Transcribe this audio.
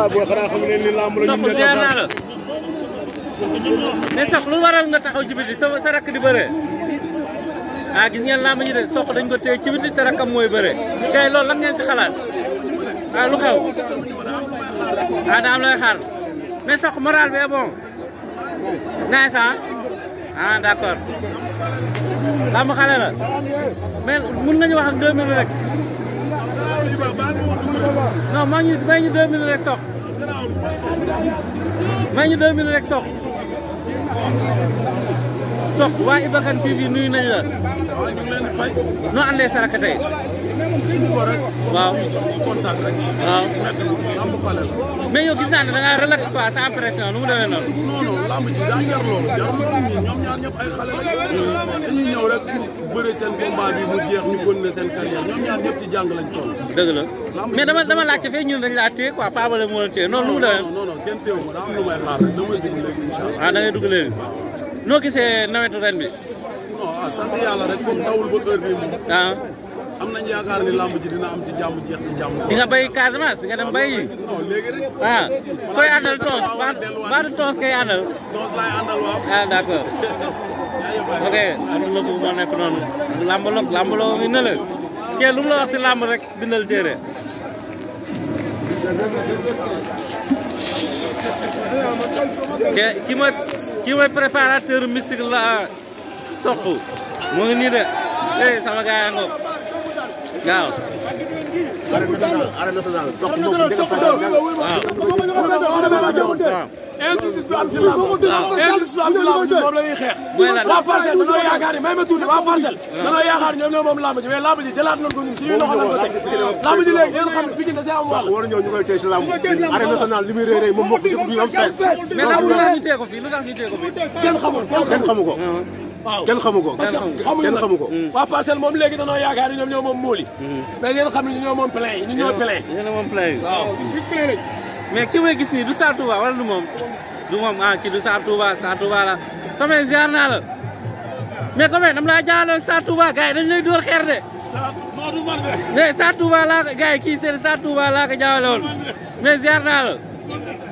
waaw booy xanaa xam ne ni a la mais sox lu waral nga taxaw ci biti sa a rakk di ah, gis ngeen làmb ñi de dañ ko téye ci biti te rakkam mooy bëre tey loolu lan ngeen si xalaat ah lu xew ah daam looy xaar mais sox moral bi bon nice ah ah d'accord làmb la mais mun nga ñu wax ak deux minutes Non, mag je 2 minuten rechts op. Mag je 2 minuten rechts soq waa Ibakan TV nuyu nañ la. waaw ñu ngi leen di fay. noo àndee Saraka tey. waaw. waaw. mais yow gis naa ne da ngaa relax quoi sans pression nu mu demee noonu. lamb ji daa jar loolu jar hmm. bi mu jeex ñu continuer seen carrière ñoom ñaar ñëpp jàng lañ toll. dëgg la mais dama dama fee ñun dañ laa téye quoi Paa Bale moo la téye noonu. nu mu demee non non kenn téewu ma daa am may xaar rek ah, da ngay dugg léegi. noo gisee nawetu ren bi. non ah sant yàlla rek comme tawul ba heure bii moom. ah. am nañu yaakaar ni làmb ji dina am ci jàmm jeex ci jàmm. di nga béy Casamance di nga dem béy. non léegi rek. waaw ah. toos baatu toos toos laay àndal waaw. ah d' am na fu moo nekk noonu. làmb loog làmb loo ngi ne la. kee lu mu si làmb rek bindal téere. ke ki kii mooy préparateur mystique la soq mu ngi nii de eh sama gars yaa ngoog waaw. waaw. injustice bi am si lamb injustice bi am si lamb moom la ñuy xeex waa parcelle dañoo yaakaar ni may ma tuuti waa parcelle dañoo yaakaar ñoom ñoo moom lamb ji mais lamb ji jëlaat nañ ko ñun suñuy loxo lañ ko teg lamb ji léegi ngeen xam ne Pikine da see am wàll war ñëw ñu koy tey si lamb arène nationale li muy rëy rëy moom moo ko jëf bi am fees mais lamb lu tax ñu tee ko fii lu tax ñu tee ko fii kenn xamul kenn xamu ko waaw kenn xamu ko parce que kenn xamu ko waa parcelle moom léegi dañoo yaakaar ni ñoom ñoo moom móoli mais ngeen xam ne ñu ñoo moom plein yi ñu ñoo plein waaw mais ki may gis nii du Sarr Touba wala du moom du moom a ah, kii du Sarr Touba Sarr Touba la Tombé ziar naa la mais Tombé dama laa jaaloon Sarr Touba gars yi dañu lay dóor xeer de. Sarr Touba laa ko gars yi kii seen Sarr Touba laa ko jaawale woon mais ziar naa